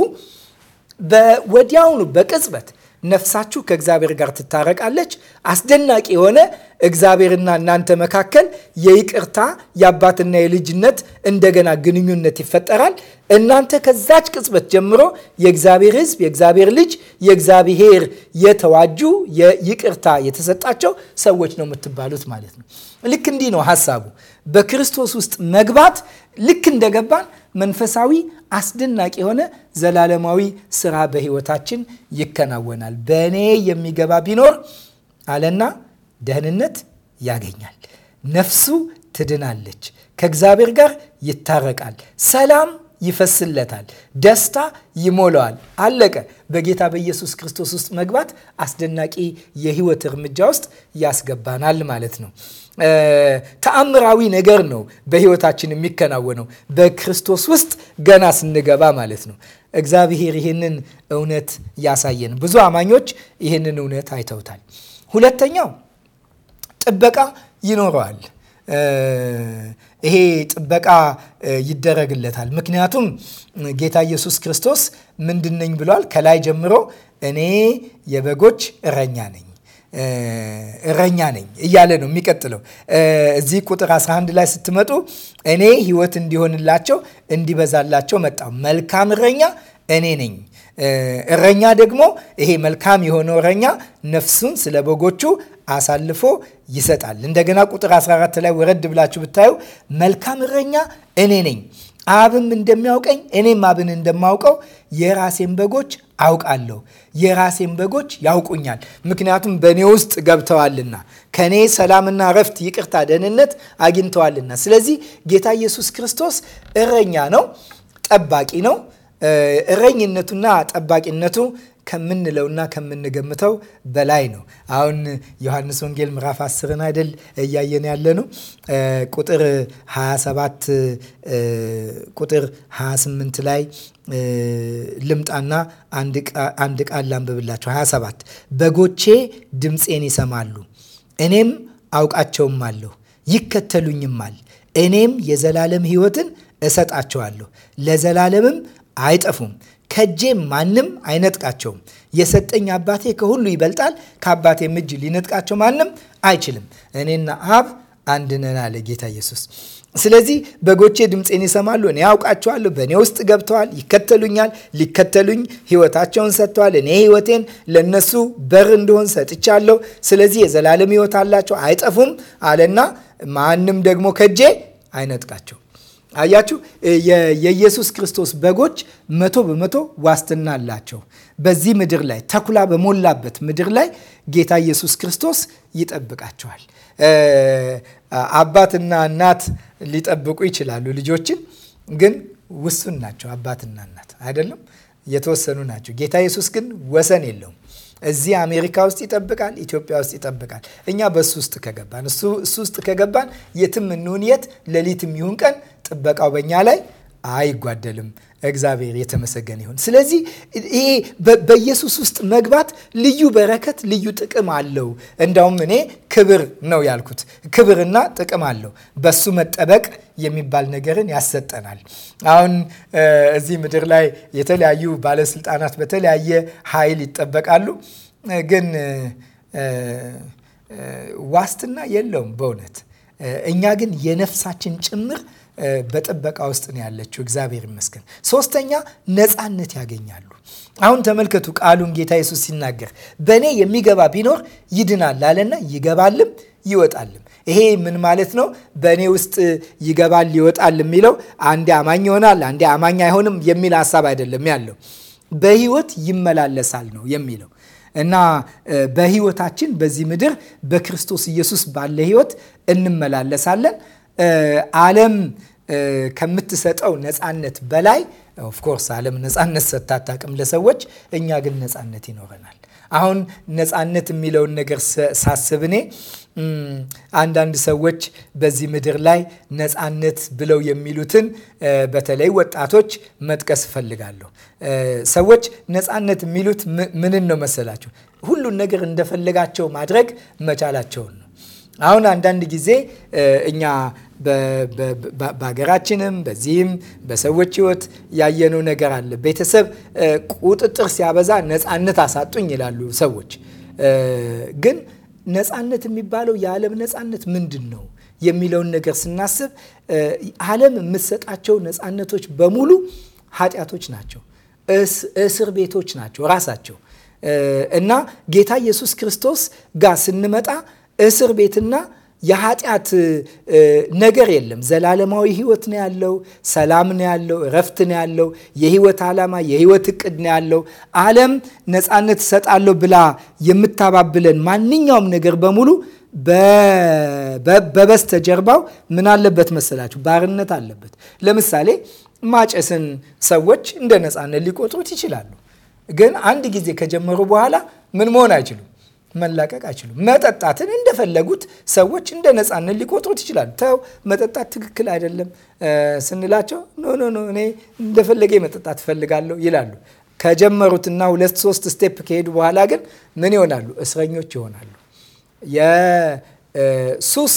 በወዲያውኑ በቅጽበት ነፍሳችሁ ከእግዚአብሔር ጋር ትታረቃለች። አስደናቂ የሆነ እግዚአብሔርና እናንተ መካከል የይቅርታ የአባትና የልጅነት እንደገና ግንኙነት ይፈጠራል። እናንተ ከዛች ቅጽበት ጀምሮ የእግዚአብሔር ሕዝብ፣ የእግዚአብሔር ልጅ፣ የእግዚአብሔር የተዋጁ የይቅርታ የተሰጣቸው ሰዎች ነው የምትባሉት ማለት ነው። ልክ እንዲህ ነው ሀሳቡ በክርስቶስ ውስጥ መግባት ልክ እንደገባን መንፈሳዊ አስደናቂ የሆነ ዘላለማዊ ስራ በህይወታችን ይከናወናል። በእኔ የሚገባ ቢኖር አለና ደህንነት ያገኛል፣ ነፍሱ ትድናለች፣ ከእግዚአብሔር ጋር ይታረቃል፣ ሰላም ይፈስለታል፣ ደስታ ይሞላዋል። አለቀ። በጌታ በኢየሱስ ክርስቶስ ውስጥ መግባት አስደናቂ የህይወት እርምጃ ውስጥ ያስገባናል ማለት ነው። ተአምራዊ ነገር ነው በህይወታችን የሚከናወነው በክርስቶስ ውስጥ ገና ስንገባ ማለት ነው። እግዚአብሔር ይህንን እውነት ያሳየን። ብዙ አማኞች ይህንን እውነት አይተውታል። ሁለተኛው ጥበቃ ይኖረዋል። ይሄ ጥበቃ ይደረግለታል። ምክንያቱም ጌታ ኢየሱስ ክርስቶስ ምንድነኝ ብሏል? ከላይ ጀምሮ እኔ የበጎች እረኛ ነኝ እረኛ ነኝ እያለ ነው የሚቀጥለው። እዚህ ቁጥር 11 ላይ ስትመጡ እኔ ህይወት እንዲሆንላቸው እንዲበዛላቸው መጣሁ፣ መልካም እረኛ እኔ ነኝ። እረኛ ደግሞ ይሄ መልካም የሆነው እረኛ ነፍሱን ስለ በጎቹ አሳልፎ ይሰጣል። እንደገና ቁጥር 14 ላይ ወረድ ብላችሁ ብታዩ መልካም እረኛ እኔ ነኝ አብም እንደሚያውቀኝ እኔም አብን እንደማውቀው የራሴን በጎች አውቃለሁ፣ የራሴን በጎች ያውቁኛል፣ ምክንያቱም በእኔ ውስጥ ገብተዋልና ከእኔ ሰላምና ረፍት፣ ይቅርታ፣ ደህንነት አግኝተዋልና። ስለዚህ ጌታ ኢየሱስ ክርስቶስ እረኛ ነው፣ ጠባቂ ነው። እረኝነቱና ጠባቂነቱ ከምንለውና ከምንገምተው በላይ ነው። አሁን ዮሐንስ ወንጌል ምዕራፍ 10 አይደል እያየን ያለ ነው። ቁጥር 27 ቁጥር 28 ላይ ልምጣና አንድ ቃል ላንብብላቸው። 27 በጎቼ ድምፄን ይሰማሉ፣ እኔም አውቃቸውም አለሁ ይከተሉኝማል፣ እኔም የዘላለም ሕይወትን እሰጣቸዋለሁ፣ ለዘላለምም አይጠፉም ከጄ ማንም አይነጥቃቸውም። የሰጠኝ አባቴ ከሁሉ ይበልጣል፣ ከአባቴም እጅ ሊነጥቃቸው ማንም አይችልም። እኔና አብ አንድ ነን አለ ጌታ ኢየሱስ። ስለዚህ በጎቼ ድምፄን ይሰማሉ፣ እኔ ያውቃቸዋለሁ፣ በእኔ ውስጥ ገብተዋል፣ ይከተሉኛል፣ ሊከተሉኝ ህይወታቸውን ሰጥተዋል። እኔ ህይወቴን ለነሱ በር እንደሆን ሰጥቻለሁ። ስለዚህ የዘላለም ህይወት አላቸው፣ አይጠፉም አለና ማንም ደግሞ ከጄ አይነጥቃቸው አያችሁ፣ የኢየሱስ ክርስቶስ በጎች መቶ በመቶ ዋስትና አላቸው። በዚህ ምድር ላይ ተኩላ በሞላበት ምድር ላይ ጌታ ኢየሱስ ክርስቶስ ይጠብቃቸዋል። አባትና እናት ሊጠብቁ ይችላሉ ልጆችን፣ ግን ውሱን ናቸው። አባትና እናት አይደለም የተወሰኑ ናቸው። ጌታ ኢየሱስ ግን ወሰን የለውም። እዚህ አሜሪካ ውስጥ ይጠብቃል፣ ኢትዮጵያ ውስጥ ይጠብቃል። እኛ በሱ ውስጥ ከገባን እሱ ውስጥ ከገባን የትም እንሁን የት ሌሊትም ይሁን ቀን ጥበቃው በእኛ ላይ አይጓደልም። እግዚአብሔር የተመሰገነ ይሁን። ስለዚህ ይሄ በኢየሱስ ውስጥ መግባት ልዩ በረከት፣ ልዩ ጥቅም አለው። እንዳውም እኔ ክብር ነው ያልኩት። ክብርና ጥቅም አለው። በሱ መጠበቅ የሚባል ነገርን ያሰጠናል። አሁን እዚህ ምድር ላይ የተለያዩ ባለስልጣናት በተለያየ ኃይል ይጠበቃሉ፣ ግን ዋስትና የለውም በእውነት እኛ ግን የነፍሳችን ጭምር በጥበቃ ውስጥ ነው ያለችው። እግዚአብሔር ይመስገን። ሶስተኛ ነፃነት ያገኛሉ። አሁን ተመልከቱ ቃሉን ጌታ ኢየሱስ ሲናገር በእኔ የሚገባ ቢኖር ይድናል አለና ይገባልም ይወጣልም። ይሄ ምን ማለት ነው? በእኔ ውስጥ ይገባል ይወጣል የሚለው አንዴ አማኝ ይሆናል አንዴ አማኝ አይሆንም የሚል ሀሳብ አይደለም ያለው በህይወት ይመላለሳል ነው የሚለው እና በህይወታችን በዚህ ምድር በክርስቶስ ኢየሱስ ባለ ህይወት እንመላለሳለን ዓለም ከምትሰጠው ነፃነት በላይ ኦፍኮርስ ዓለም ነፃነት ሰጥታ አታውቅም ለሰዎች። እኛ ግን ነፃነት ይኖረናል። አሁን ነፃነት የሚለውን ነገር ሳስብ እኔ አንዳንድ ሰዎች በዚህ ምድር ላይ ነፃነት ብለው የሚሉትን በተለይ ወጣቶች መጥቀስ እፈልጋለሁ። ሰዎች ነፃነት የሚሉት ምንን ነው መሰላቸው? ሁሉን ነገር እንደፈለጋቸው ማድረግ መቻላቸውን ነው። አሁን አንዳንድ ጊዜ እኛ በሀገራችንም በዚህም በሰዎች ህይወት ያየነው ነገር አለ። ቤተሰብ ቁጥጥር ሲያበዛ ነፃነት አሳጡኝ ይላሉ ሰዎች። ግን ነፃነት የሚባለው የዓለም ነፃነት ምንድን ነው የሚለውን ነገር ስናስብ ዓለም የምትሰጣቸው ነፃነቶች በሙሉ ኃጢአቶች ናቸው፣ እስር ቤቶች ናቸው ራሳቸው እና ጌታ ኢየሱስ ክርስቶስ ጋር ስንመጣ እስር ቤትና የኃጢአት ነገር የለም። ዘላለማዊ ህይወት ነው ያለው፣ ሰላም ነው ያለው፣ እረፍት ነው ያለው፣ የህይወት ዓላማ የህይወት እቅድ ነው ያለው። ዓለም ነፃነት እሰጣለሁ ብላ የምታባብለን ማንኛውም ነገር በሙሉ በበስተ ጀርባው ምን አለበት መሰላችሁ? ባርነት አለበት። ለምሳሌ ማጨስን ሰዎች እንደ ነፃነት ሊቆጥሩት ይችላሉ፣ ግን አንድ ጊዜ ከጀመሩ በኋላ ምን መሆን አይችሉም መላቀቅ አይችሉም። መጠጣትን እንደፈለጉት ሰዎች እንደ ነፃነት ሊቆጥሩት ይችላሉ። ተው መጠጣት ትክክል አይደለም ስንላቸው ኖ ኖ ኖ እኔ እንደፈለገ መጠጣት እፈልጋለሁ ይላሉ። ከጀመሩትና ሁለት ሶስት ስቴፕ ከሄዱ በኋላ ግን ምን ይሆናሉ? እስረኞች ይሆናሉ። የሱስ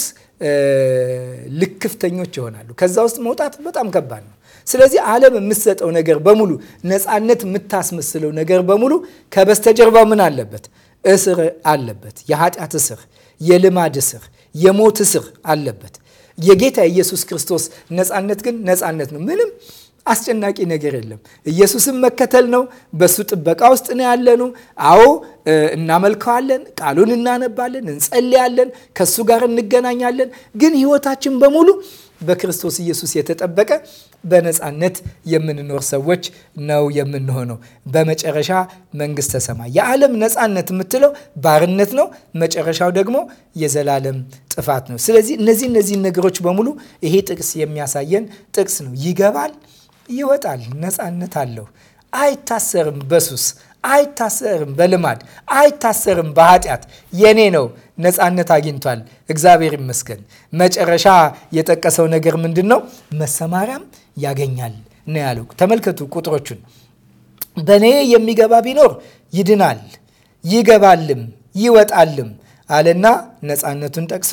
ልክፍተኞች ይሆናሉ። ከዛ ውስጥ መውጣት በጣም ከባድ ነው። ስለዚህ ዓለም የምትሰጠው ነገር በሙሉ ነፃነት የምታስመስለው ነገር በሙሉ ከበስተጀርባው ምን አለበት? እስር አለበት። የኃጢአት እስር፣ የልማድ እስር፣ የሞት እስር አለበት። የጌታ ኢየሱስ ክርስቶስ ነፃነት ግን ነፃነት ነው። ምንም አስጨናቂ ነገር የለም። ኢየሱስን መከተል ነው። በሱ ጥበቃ ውስጥ ነው ያለኑ። አዎ እናመልከዋለን፣ ቃሉን እናነባለን፣ እንጸልያለን፣ ከሱ ጋር እንገናኛለን። ግን ህይወታችን በሙሉ በክርስቶስ ኢየሱስ የተጠበቀ በነፃነት የምንኖር ሰዎች ነው የምንሆነው። በመጨረሻ መንግስተ ሰማይ የዓለም ነፃነት የምትለው ባርነት ነው። መጨረሻው ደግሞ የዘላለም ጥፋት ነው። ስለዚህ እነዚህ እነዚህን ነገሮች በሙሉ ይሄ ጥቅስ የሚያሳየን ጥቅስ ነው። ይገባል፣ ይወጣል፣ ነፃነት አለው። አይታሰርም በሱስ አይታሰርም በልማድ አይታሰርም በኃጢአት የኔ ነው ነፃነት አግኝቷል እግዚአብሔር ይመስገን መጨረሻ የጠቀሰው ነገር ምንድን ነው መሰማሪያም ያገኛል ነው ያለው። ተመልከቱ ቁጥሮቹን። በእኔ የሚገባ ቢኖር ይድናል፣ ይገባልም ይወጣልም አለና ነፃነቱን ጠቅሶ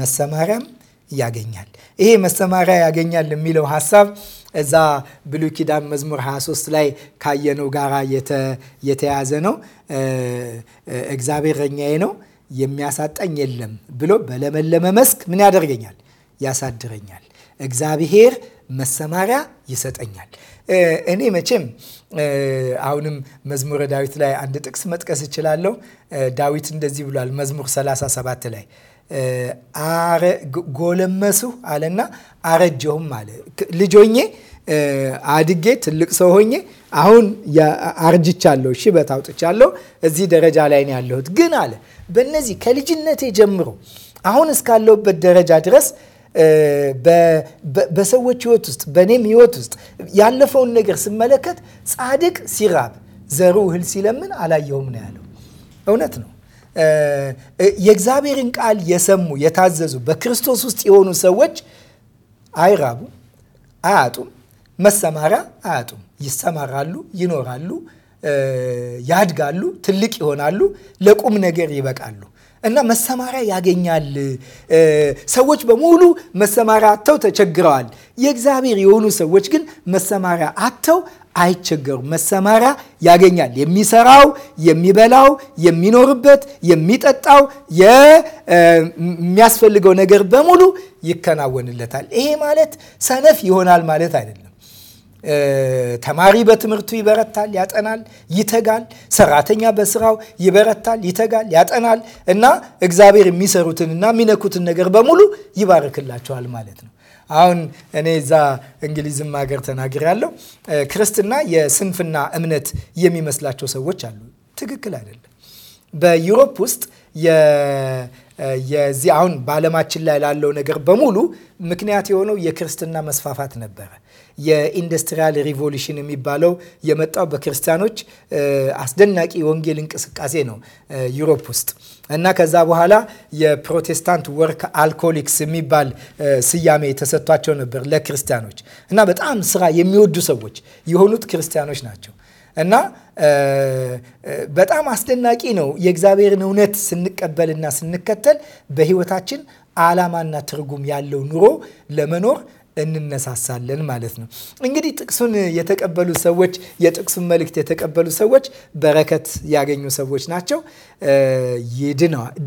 መሰማሪያም ያገኛል። ይሄ መሰማሪያ ያገኛል የሚለው ሀሳብ እዛ ብሉይ ኪዳን መዝሙር 23 ላይ ካየነው ጋራ የተያዘ ነው። እግዚአብሔር እረኛዬ ነው የሚያሳጣኝ የለም ብሎ በለመለመ መስክ ምን ያደርገኛል? ያሳድረኛል። እግዚአብሔር መሰማሪያ ይሰጠኛል። እኔ መቼም አሁንም መዝሙረ ዳዊት ላይ አንድ ጥቅስ መጥቀስ እችላለሁ። ዳዊት እንደዚህ ብሏል። መዝሙር 37 ላይ ጎለመሱ አለና አረጀሁም አለ። ልጆኜ አድጌ ትልቅ ሰው ሆኜ አሁን አርጅቻለሁ፣ ሽበት አውጥቻለሁ፣ እዚህ ደረጃ ላይ ነው ያለሁት። ግን አለ በእነዚህ ከልጅነቴ ጀምሮ አሁን እስካለሁበት ደረጃ ድረስ በሰዎች ህይወት ውስጥ በእኔም ህይወት ውስጥ ያለፈውን ነገር ስመለከት ጻድቅ ሲራብ ዘሩ እህል ሲለምን አላየውም ነው ያለው። እውነት ነው። የእግዚአብሔርን ቃል የሰሙ የታዘዙ በክርስቶስ ውስጥ የሆኑ ሰዎች አይራቡም፣ አያጡም፣ መሰማሪያ አያጡም። ይሰማራሉ፣ ይኖራሉ፣ ያድጋሉ፣ ትልቅ ይሆናሉ፣ ለቁም ነገር ይበቃሉ። እና መሰማሪያ ያገኛል። ሰዎች በሙሉ መሰማሪያ አጥተው ተቸግረዋል። የእግዚአብሔር የሆኑ ሰዎች ግን መሰማሪያ አጥተው አይቸገሩም። መሰማሪያ ያገኛል። የሚሰራው፣ የሚበላው፣ የሚኖርበት፣ የሚጠጣው፣ የሚያስፈልገው ነገር በሙሉ ይከናወንለታል። ይሄ ማለት ሰነፍ ይሆናል ማለት አይደለም። ተማሪ በትምህርቱ ይበረታል፣ ያጠናል፣ ይተጋል። ሰራተኛ በስራው ይበረታል፣ ይተጋል፣ ያጠናል እና እግዚአብሔር የሚሰሩትንና የሚነኩትን ነገር በሙሉ ይባርክላቸዋል ማለት ነው። አሁን እኔ እዛ እንግሊዝም ሀገር ያለው ክርስትና የስንፍና እምነት የሚመስላቸው ሰዎች አሉ። ትክክል አይደለም። በዩሮፕ ውስጥ የዚህ አሁን በዓለማችን ላይ ላለው ነገር በሙሉ ምክንያት የሆነው የክርስትና መስፋፋት ነበረ። የኢንዱስትሪያል ሪቮሉሽን የሚባለው የመጣው በክርስቲያኖች አስደናቂ የወንጌል እንቅስቃሴ ነው ዩሮፕ ውስጥ እና ከዛ በኋላ የፕሮቴስታንት ወርክ አልኮሊክስ የሚባል ስያሜ የተሰጥቷቸው ነበር ለክርስቲያኖች እና በጣም ስራ የሚወዱ ሰዎች የሆኑት ክርስቲያኖች ናቸው እና በጣም አስደናቂ ነው። የእግዚአብሔርን እውነት ስንቀበልና ስንከተል በህይወታችን ዓላማና ትርጉም ያለው ኑሮ ለመኖር እንነሳሳለን ማለት ነው። እንግዲህ ጥቅሱን የተቀበሉ ሰዎች የጥቅሱን መልእክት የተቀበሉ ሰዎች በረከት ያገኙ ሰዎች ናቸው።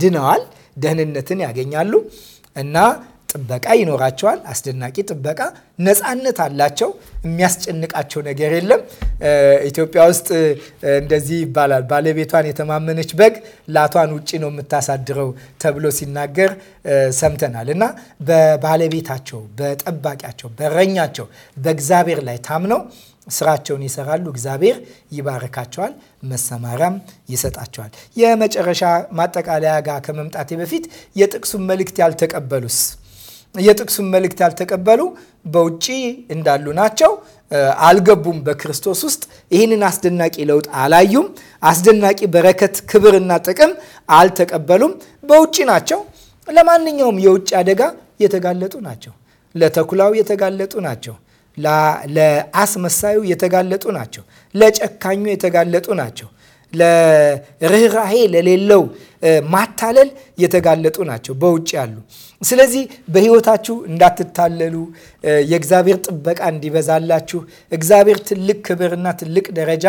ድነዋል፣ ደህንነትን ያገኛሉ እና ጥበቃ ይኖራቸዋል። አስደናቂ ጥበቃ፣ ነፃነት አላቸው። የሚያስጨንቃቸው ነገር የለም። ኢትዮጵያ ውስጥ እንደዚህ ይባላል፣ ባለቤቷን የተማመነች በግ ላቷን ውጭ ነው የምታሳድረው ተብሎ ሲናገር ሰምተናል። እና በባለቤታቸው፣ በጠባቂያቸው፣ በረኛቸው በእግዚአብሔር ላይ ታምነው ስራቸውን ይሰራሉ። እግዚአብሔር ይባርካቸዋል፣ መሰማሪያም ይሰጣቸዋል። የመጨረሻ ማጠቃለያ ጋር ከመምጣቴ በፊት የጥቅሱን መልእክት ያልተቀበሉስ የጥቅሱን መልእክት ያልተቀበሉ በውጭ እንዳሉ ናቸው። አልገቡም በክርስቶስ ውስጥ ይህንን አስደናቂ ለውጥ አላዩም። አስደናቂ በረከት፣ ክብርና ጥቅም አልተቀበሉም። በውጭ ናቸው። ለማንኛውም የውጭ አደጋ የተጋለጡ ናቸው። ለተኩላው የተጋለጡ ናቸው። ለአስመሳዩ የተጋለጡ ናቸው። ለጨካኙ የተጋለጡ ናቸው። ለርኅራሄ ለሌለው ማታለል የተጋለጡ ናቸው በውጭ ያሉ። ስለዚህ በሕይወታችሁ እንዳትታለሉ የእግዚአብሔር ጥበቃ እንዲበዛላችሁ እግዚአብሔር ትልቅ ክብርና ትልቅ ደረጃ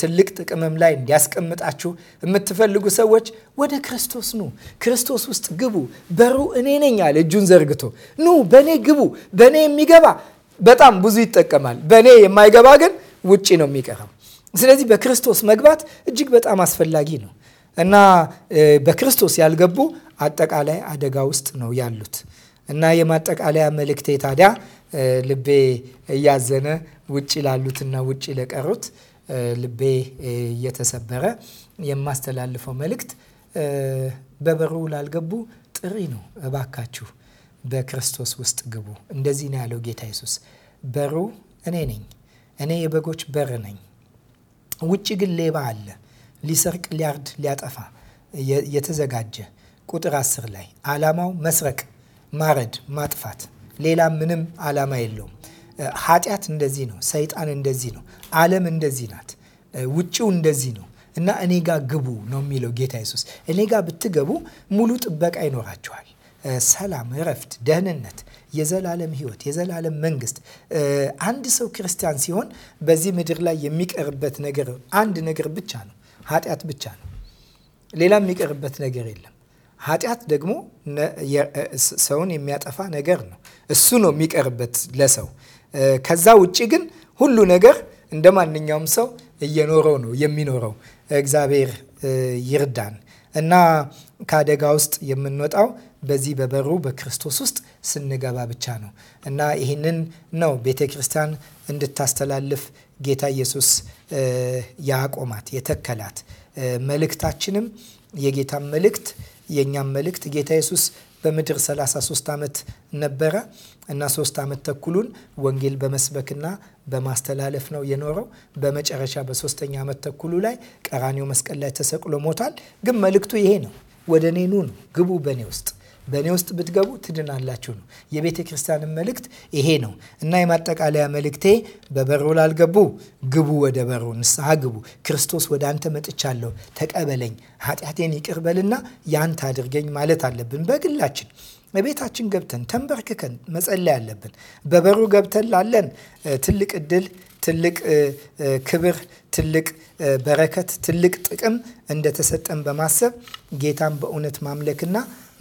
ትልቅ ጥቅምም ላይ እንዲያስቀምጣችሁ የምትፈልጉ ሰዎች ወደ ክርስቶስ ኑ፣ ክርስቶስ ውስጥ ግቡ። በሩ እኔ ነኝ አለ እጁን ዘርግቶ። ኑ በእኔ ግቡ። በእኔ የሚገባ በጣም ብዙ ይጠቀማል። በእኔ የማይገባ ግን ውጪ ነው የሚቀረው። ስለዚህ በክርስቶስ መግባት እጅግ በጣም አስፈላጊ ነው እና በክርስቶስ ያልገቡ አጠቃላይ አደጋ ውስጥ ነው ያሉት እና የማጠቃለያ መልእክቴ ታዲያ ልቤ እያዘነ ውጭ ላሉትና ውጭ ለቀሩት ልቤ እየተሰበረ የማስተላልፈው መልእክት በበሩ ላልገቡ ጥሪ ነው። እባካችሁ በክርስቶስ ውስጥ ግቡ። እንደዚህ ነው ያለው ጌታ ኢየሱስ። በሩ እኔ ነኝ። እኔ የበጎች በር ነኝ። ውጭ ግን ሌባ አለ፣ ሊሰርቅ፣ ሊያርድ፣ ሊያጠፋ የተዘጋጀ ቁጥር አስር ላይ ዓላማው መስረቅ፣ ማረድ፣ ማጥፋት፣ ሌላ ምንም ዓላማ የለውም። ኃጢአት እንደዚህ ነው። ሰይጣን እንደዚህ ነው። ዓለም እንደዚህ ናት። ውጭው እንደዚህ ነው እና እኔ ጋ ግቡ ነው የሚለው ጌታ ኢየሱስ። እኔ ጋ ብትገቡ ሙሉ ጥበቃ ይኖራችኋል። ሰላም፣ እረፍት፣ ደህንነት የዘላለም ህይወት፣ የዘላለም መንግስት። አንድ ሰው ክርስቲያን ሲሆን በዚህ ምድር ላይ የሚቀርበት ነገር አንድ ነገር ብቻ ነው፣ ኃጢአት ብቻ ነው። ሌላ የሚቀርበት ነገር የለም። ኃጢአት ደግሞ ሰውን የሚያጠፋ ነገር ነው። እሱ ነው የሚቀርበት ለሰው። ከዛ ውጭ ግን ሁሉ ነገር እንደ ማንኛውም ሰው እየኖረው ነው የሚኖረው። እግዚአብሔር ይርዳን እና ከአደጋ ውስጥ የምንወጣው በዚህ በበሩ በክርስቶስ ውስጥ ስንገባ ብቻ ነው እና ይህንን ነው ቤተ ክርስቲያን እንድታስተላልፍ ጌታ ኢየሱስ ያቆማት የተከላት። መልእክታችንም የጌታ መልእክት የእኛም መልእክት ጌታ ኢየሱስ በምድር 33 ዓመት ነበረ እና ሶስት ዓመት ተኩሉን ወንጌል በመስበክና በማስተላለፍ ነው የኖረው። በመጨረሻ በሶስተኛ ዓመት ተኩሉ ላይ ቀራኔው መስቀል ላይ ተሰቅሎ ሞቷል። ግን መልእክቱ ይሄ ነው፣ ወደ እኔ ኑ ነው፣ ግቡ በእኔ ውስጥ በእኔ ውስጥ ብትገቡ ትድናላችሁ ነው። የቤተ ክርስቲያንን መልእክት ይሄ ነው እና የማጠቃለያ መልእክቴ በበሩ ላልገቡ ግቡ፣ ወደ በሩ ንስሐ ግቡ። ክርስቶስ ወደ አንተ መጥቻለሁ፣ ተቀበለኝ፣ ኃጢአቴን ይቅርበልና ያንተ አድርገኝ ማለት አለብን። በግላችን በቤታችን ገብተን ተንበርክከን መጸለይ አለብን። በበሩ ገብተን ላለን ትልቅ እድል፣ ትልቅ ክብር፣ ትልቅ በረከት፣ ትልቅ ጥቅም እንደተሰጠን በማሰብ ጌታን በእውነት ማምለክና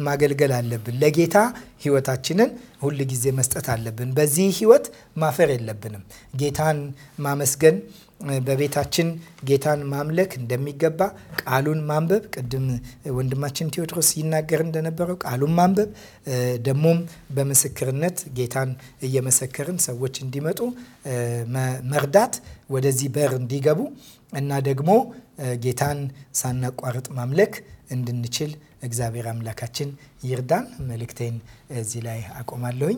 ማገልገል አለብን። ለጌታ ህይወታችንን ሁል ጊዜ መስጠት አለብን። በዚህ ህይወት ማፈር የለብንም። ጌታን ማመስገን በቤታችን ጌታን ማምለክ እንደሚገባ ቃሉን ማንበብ ቅድም ወንድማችን ቴዎድሮስ ይናገር እንደነበረው ቃሉን ማንበብ ደግሞም በምስክርነት ጌታን እየመሰከርን ሰዎች እንዲመጡ መርዳት ወደዚህ በር እንዲገቡ እና ደግሞ ጌታን ሳናቋርጥ ማምለክ እንድንችል እግዚአብሔር አምላካችን ይርዳን። መልእክቴን እዚህ ላይ አቆማለሁኝ።